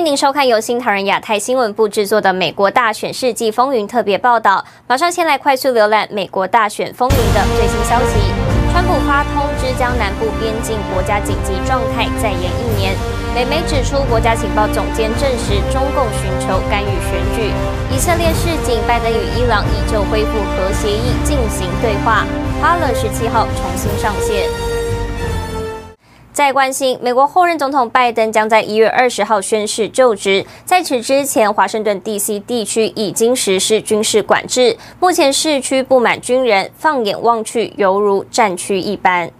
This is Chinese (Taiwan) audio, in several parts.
歡迎您收看由新唐人亞太新聞部製作的《美國大選世紀風雲》特別報道。馬上先來快速瀏覽美國大選風雲的最新消息。川普發通知，將南部邊境國家緊急狀態再延一年。美媒指出，國家情報總監證實中共尋求干預選舉。以色列示警，拜登與伊朗已就恢復核協議進行對話。Parler 十七號重新上線。在關心美國後任總統拜登將在一月二十號宣誓就職，在此之前，華盛頓 D.C. 地區已經實施軍事管制，目前市區布滿軍人，放眼望去猶如戰區一般。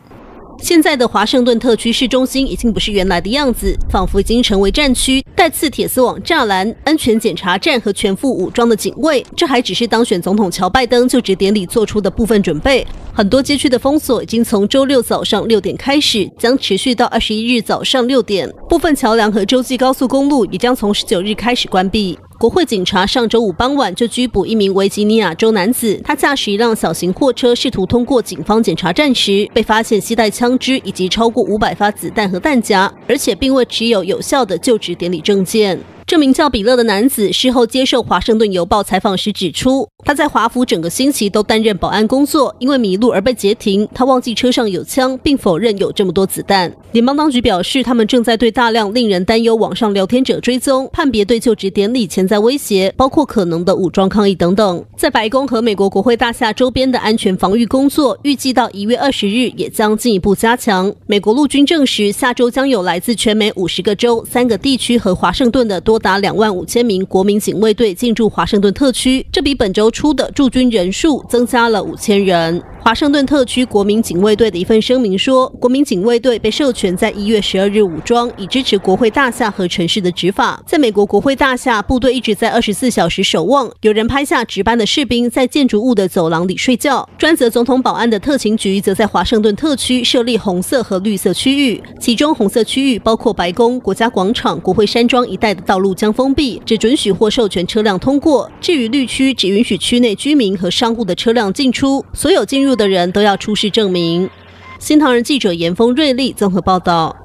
現在的華盛頓特區市中心已經不是原來的樣子，仿佛已經成為戰區，帶刺鐵絲網柵欄、安全檢查站和全副武裝的警衛。這還只是當選總統喬拜登就職典禮做出的部分準備。很多街區的封鎖已經從周六早上六點開始，將持續到二十一日早上六點。部分橋樑和洲際高速公路也將從十九日開始關閉。國會警察上周五傍晚就拘捕一名維吉尼亞州男子，他駕駛一輛小型貨車試圖通過警方檢查站時，被發現攜帶槍支以及超過五百發子彈和彈夾，而且並未持有有效的就職典禮證件。這名叫比勒的男子事後接受《華盛頓郵報》採訪時指出，他在華府整個星期都擔任保安工作，因為迷路而被截停。他忘記車上有槍，並否認有這麼多子彈。聯邦當局表示，他們正在對大量令人擔憂網上聊天者追蹤，判別對就職典禮潛在威脅，包括可能的武裝抗議等等。在白宮和美國國會大廈周邊的安全防禦工作，預計到一月二十日也將進一步加強。美國陸軍證實，下周將有來自全美五十個州、三個地區和華盛頓的多大。達兩萬五千名國民警衛隊進駐華盛頓特區，這比本周初的駐軍人數增加了五千人。華盛頓特區國民警衛隊的一份聲明說，國民警衛隊被授權在一月十二日武裝，以支持國會大廈和城市的執法。在美國國會大廈，部隊一直在二十四小時守望。有人拍下值班的士兵在建築物的走廊裡睡覺。專責總統保安的特勤局則在華盛頓特區設立紅色和綠色區域，其中紅色區域包括白宮、國家廣場、國會山莊一帶的道路將封閉，只准許獲授權車輛通過。至於綠區，只允許區內居民和商戶的車輛進出，所有進入。住的人都要出示證明。新唐人記者嚴峰、瑞麗綜合報道。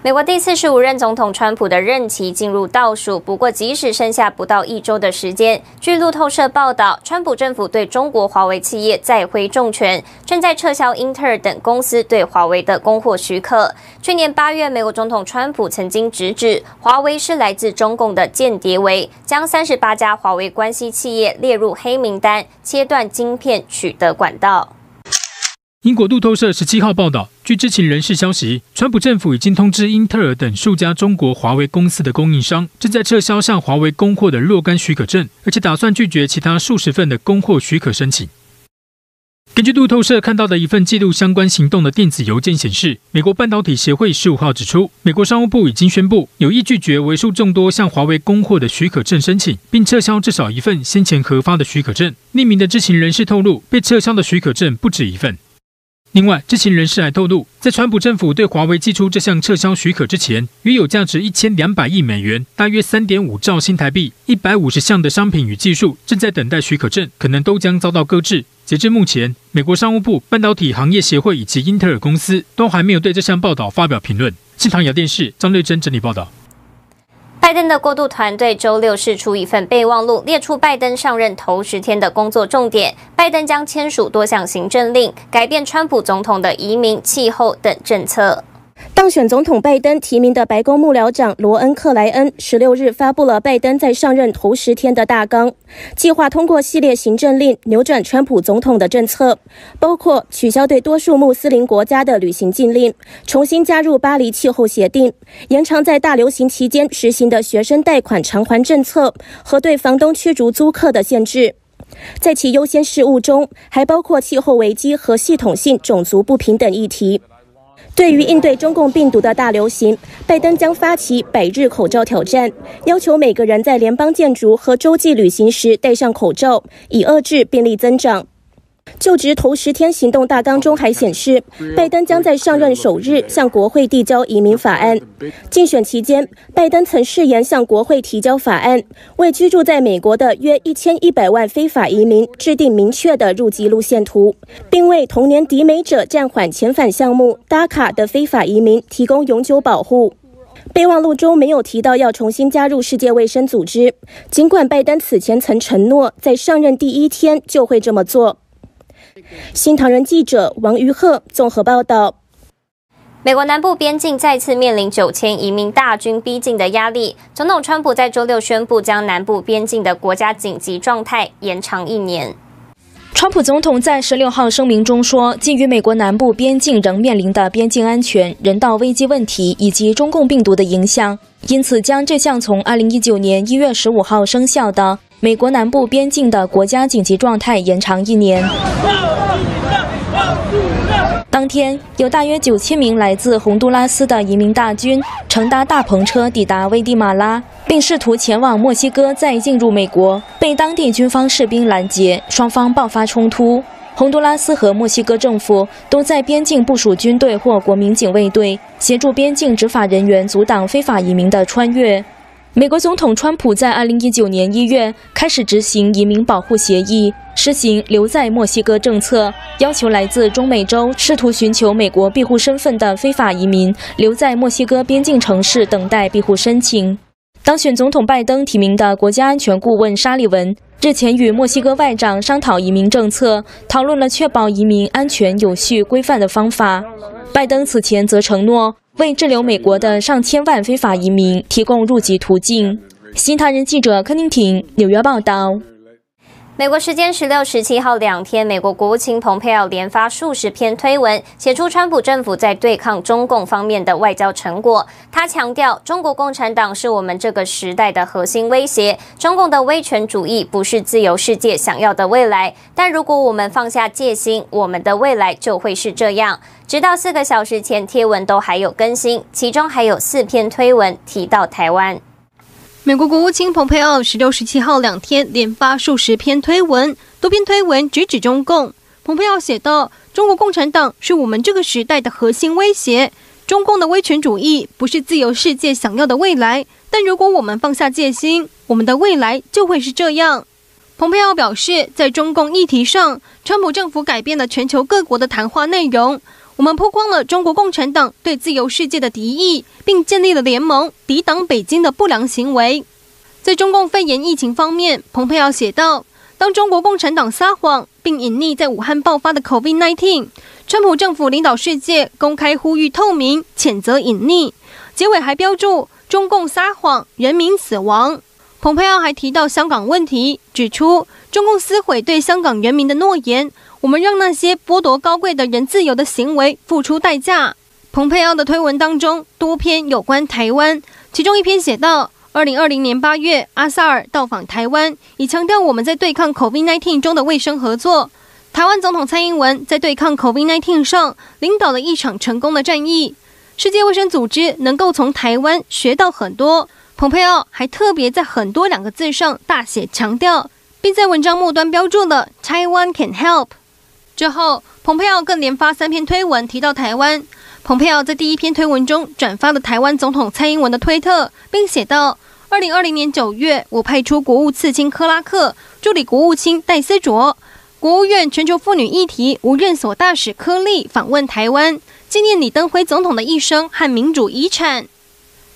美國第四十五任總統川普的任期進入倒數，不過即使剩下不到一周的時間，據路透社報道，川普政府對中國華為企業再揮重拳，正在撤銷英特爾等公司對華為的供貨許可。去年八月，美國總統川普曾經直指指華為是來自中共的間諜，為將三十八家華為關係企業列入黑名單，切斷晶片取得管道。英國路透社十七號報道，據知情人士消息，川普政府已經通知英特爾等數家中國華為公司的供應商，正在撤銷向華為供貨的若干許可證，而且打算拒絕其他數十份的供貨許可申請。根據路透社看到的一份記錄相關行動的電子郵件顯示，美國半導體協會十五號指出，美國商務部已經宣佈有意拒絕為數眾多向華為供貨的許可證申請，並撤銷至少一份先前核發的許可證。匿名的知情人士透露，被撤銷的許可證不止一份。另外，知情人士還透露，在川普政府對華為寄出這項撤銷許可之前，約有價值一千兩百億美元（大約三點五兆新台幣），一百五十項的商品與技術正在等待許可證，可能都將遭到擱置。截至目前，美國商務部、半導體行業協會以及英特爾公司都還沒有對這項報道發表評論。新唐人亞太電視張瑞珍整理報道。拜登的過渡團隊周六釋出一份備忘錄，列出拜登上任頭十天的工作重點。拜登將簽署多項行政令，改變川普總統的移民、氣候等政策。當選總統拜登提名的白宮幕僚長羅恩·克萊恩十六日發布了拜登在上任頭十天的大綱，計劃通過系列行政令扭轉川普總統的政策，包括取消對多數穆斯林國家的旅行禁令，重新加入巴黎氣候協定，延長在大流行期間實行的學生貸款償還政策和對房東驅逐租客的限制。在其優先事務中，還包括氣候危機和系統性種族不平等議題。對於應對中共病毒的大流行，拜登將發起百日口罩挑戰，要求每個人在聯邦建築和洲際旅行時戴上口罩，以遏制病例增長。就職頭十天行動大綱中還顯示，拜登將在上任首日向國會遞交移民法案。競選期間，拜登曾誓言向國會提交法案，為居住在美國的約一千一百萬非法移民制定明確的入籍路線圖，並為童年抵美者暫緩遣返項目 DACA 的非法移民提供永久保護。備忘錄中沒有提到要重新加入世界衛生組織，儘管拜登此前曾承諾在上任第一天就會這麼做。新唐人記者王瑜鶴綜合報道：美國南部邊境再次面臨九千移民大軍逼近的壓力。總統川普在周六宣布，將南部邊境的國家緊急狀態延長一年。川普總統在十六號聲明中說：“基於美國南部邊境仍面臨的邊境安全、人道危機問題以及中共病毒的影響，因此將這項從二零一九年一月十五號生效的。”美國南部邊境的國家緊急狀態延長一年。當天，有大約九千名來自洪都拉斯的移民大軍，乘搭大篷車抵達危地馬拉，並試圖前往墨西哥，再進入美國，被當地軍方士兵攔截，雙方爆發衝突。洪都拉斯和墨西哥政府都在邊境部署軍隊或國民警衛隊，協助邊境執法人員阻擋非法移民的穿越。美國總統川普在2019年1月開始執行移民保護協議，實行留在墨西哥政策，要求來自中美洲試圖尋求美國庇護身份的非法移民留在墨西哥邊境城市等待庇護申請。當選總統拜登提名的國家安全顧問沙利文日前與墨西哥外長商討移民政策，討論了確保移民安全、有序、規範的方法。拜登此前則承諾，為滯留美國的上千萬非法移民提供入籍途徑。新唐人記者柯寧廷紐約報道。美國時間十六、十七號兩天，美國國務卿蓬佩奧連發數十篇推文，寫出川普政府在對抗中共方面的外交成果。他強調，中國共產黨是我們這個時代的核心威脅。中共的威權主義不是自由世界想要的未來，但如果我們放下戒心，我們的未來就會是這樣。直到四個小時前，貼文都還有更新，其中還有四篇推文提到台灣。美國國務卿蓬佩奧十六、十七號兩天連發數十篇推文，多篇推文直指中共。蓬佩奧寫道：“中國共產黨是我們這個時代的核心威脅，中共的威權主義不是自由世界想要的未來。但如果我們放下戒心，我們的未來就會是這樣。”蓬佩奧表示，在中共議題上，川普政府改變了全球各國的談話內容。我們曝光了中國共產黨對自由世界的敵意，並建立了聯盟，抵擋北京的不良行為。在中共肺炎疫情方面，蓬佩奧寫道：“當中國共產黨撒謊並隱匿在武漢爆發的 COVID-19，特普政府領導世界公開呼籲透明，譴責隱匿。”結尾還標注：“中共撒謊，人民死亡。”蓬佩奧還提到香港問題，指出。中共撕毀對香港人民的諾言，我們讓那些剝奪高貴的人自由的行為付出代價。蓬佩奧的推文當中多篇有關台灣，其中一篇寫道：二零二零年八月，阿薩爾到訪台灣，以強調我們在對抗 COVID-19 中的衛生合作。台灣總統蔡英文在對抗 COVID-19 上領導了一場成功的戰役。世界衛生組織能夠從台灣學到很多。蓬佩奧還特別在“很多”兩個字上大寫強調。並在文章末端標註了 Taiwan can help。之後，蓬佩奧更連發三篇推文提到台灣。蓬佩奧在第一篇推文中轉發了台灣總統蔡英文的推特，並寫道：“二零二零年九月，我派出國務次卿科拉克、助理國務卿戴思卓、國務院全球婦女議題無任所大使柯利訪問台灣，紀念李登輝總統的一生和民主遺產。”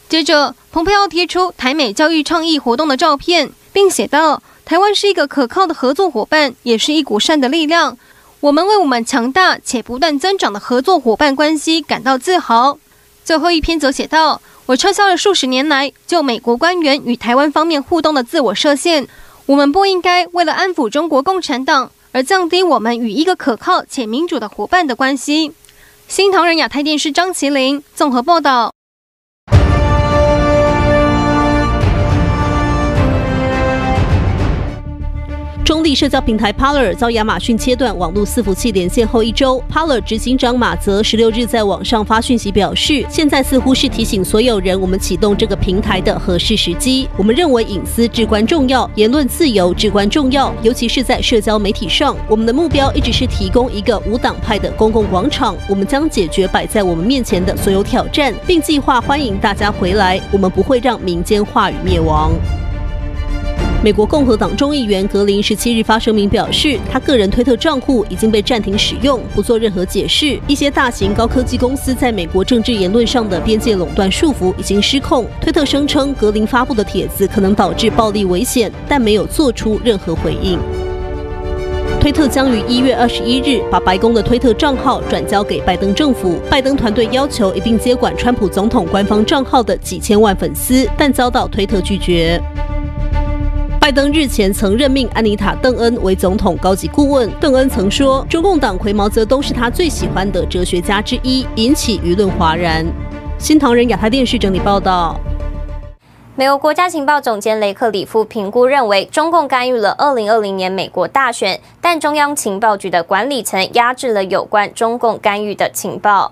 接着，蓬佩奧貼出台美教育倡議活動的照片，並寫道。台灣是一個可靠的合作夥伴，也是一股善的力量。我們為我們強大且不斷增長的合作伙伴關係感到自豪。最後一篇則寫道：“我撤銷了數十年來就美國官員與台灣方面互動的自我設限。我們不應該為了安撫中國共產黨而降低我們與一個可靠且民主的夥伴的關係。”新唐人亞太電視張麒麟綜合報道。中立社交平台 Parler 遭亞馬遜切斷網絡伺服器連線後一周，Parler 執行長馬澤十六日在網上發訊息表示，現在似乎是提醒所有人，我們啟動這個平台的合適時機。我們認為隱私至關重要，言論自由至關重要，尤其是在社交媒體上。我們的目標一直是提供一個無黨派的公共廣場。我們將解決擺在我們面前的所有挑戰，並計劃歡迎大家回來。我們不會讓民間話語滅亡。美國共和黨眾議員格林十七日發聲明表示，他個人推特賬戶已經被暫停使用，不做任何解釋。一些大型高科技公司在美國政治言論上的邊界壟斷束縛已經失控。推特聲稱，格林發布的帖子可能導致暴力危險，但沒有做出任何回應。推特將於一月二十一日把白宮的推特賬號轉交給拜登政府。拜登團隊要求一併接管川普總統官方賬號的幾千萬粉絲，但遭到推特拒絕。拜登日前曾任命安妮塔·鄧恩為總統高級顧問。鄧恩曾說，中共黨魁毛澤東是他最喜歡的哲學家之一，引起輿論譁然。新唐人亞太電視整理報道。美國國家情報總監雷克里夫評估認為，中共干預了2020年美國大選，但中央情報局的管理層壓制了有關中共干預的情報。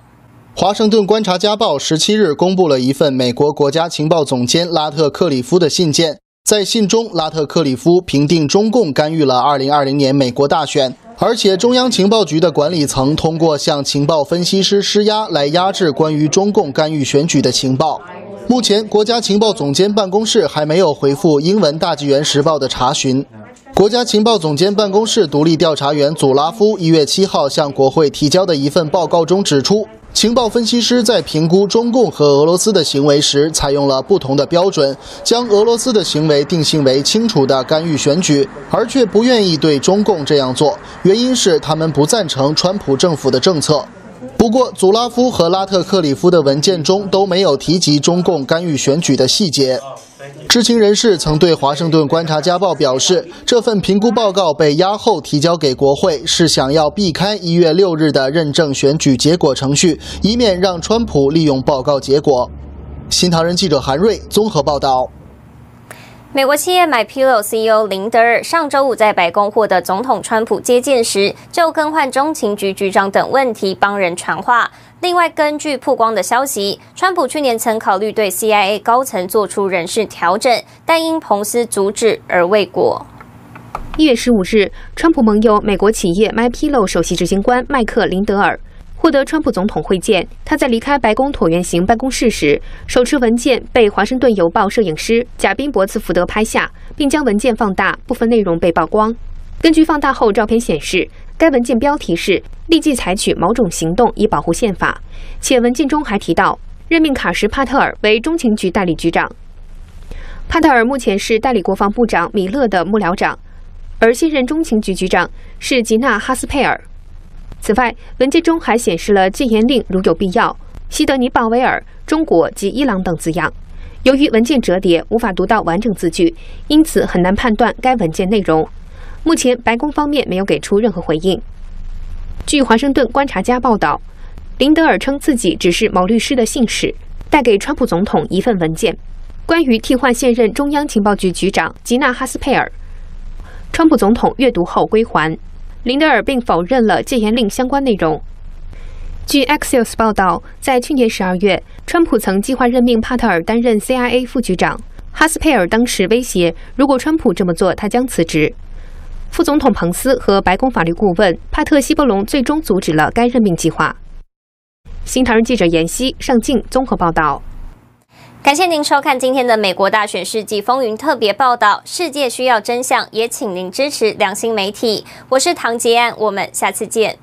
華盛頓觀察家報17日公布了一份美國國家情報總監拉特克里夫的信件。在信中，拉特克里夫評定中共干預了二零二零年美國大選，而且中央情報局的管理層通過向情報分析師施壓來壓制關於中共干預選舉的情報。目前，國家情報總監辦公室還沒有回覆英文《大紀元時報》的查詢。國家情報總監辦公室獨立調查員祖拉夫一月七號向國會提交的一份報告中指出。情報分析師在評估中共和俄羅斯的行為時，採用了不同的標準，將俄羅斯的行為定性為清楚的干預選舉，而卻不願意對中共這樣做，原因是他們不贊成川普政府的政策。不過，祖拉夫和拉特克里夫的文件中都沒有提及中共干預選舉的細節。知情人士曾對《華盛頓觀察家報》表示，這份評估報告被押後提交給國會，是想要避開一月六日的認證選舉結果程序，以免讓川普利用報告結果。新唐人記者韓瑞綜合報道：美國企業 MyPillow CEO 林德爾上週五在白宮獲得總統川普接見時，就更換中情局局長等問題幫人傳話。另外，根據曝光的消息，川普去年曾考慮對 CIA 高層做出人事調整，但因彭斯阻止而未果。一月十五日，川普盟友美國企業 My Pillow 首席執行官邁克林德爾獲得川普總統會見。他在離開白宮橢圓形辦公室時，手持文件被《華盛頓郵報》攝影師賈賓伯茨福德拍下，並將文件放大，部分內容被曝光。根據放大後照片顯示。該文件標題是“立即採取某種行動以保護憲法”，且文件中還提到任命卡什帕特爾為中情局代理局長。帕特爾目前是代理國防部長米勒的幕僚長，而現任中情局局長是吉娜哈斯佩爾。此外，文件中還顯示了戒嚴令、如有必要、西德尼鮑威爾、中國及伊朗等字樣。由於文件折疊無法讀到完整字句，因此很難判斷該文件內容。目前，白宮方面沒有給出任何回應。據《華盛頓觀察家》報道，林德爾稱自己只是某律師的信使，帶給川普總統一份文件，關於替換現任中央情報局局長吉娜·哈斯佩爾。川普總統閱讀後歸還，林德爾並否認了戒嚴令相關內容。據 Axios 報道，在去年十二月，川普曾計劃任命帕特爾擔任 CIA 副局長。哈斯佩爾當時威脅，如果川普這麼做，他將辭職。副總統彭斯和白宮法律顧問帕特西波隆最終阻止了該任命計劃。新唐人記者嚴熙、尚靜綜合報道。感謝您收看今天的《美國大選世紀風雲》特別報道。世界需要真相，也請您支持良心媒體。我是唐杰安，我們下次見。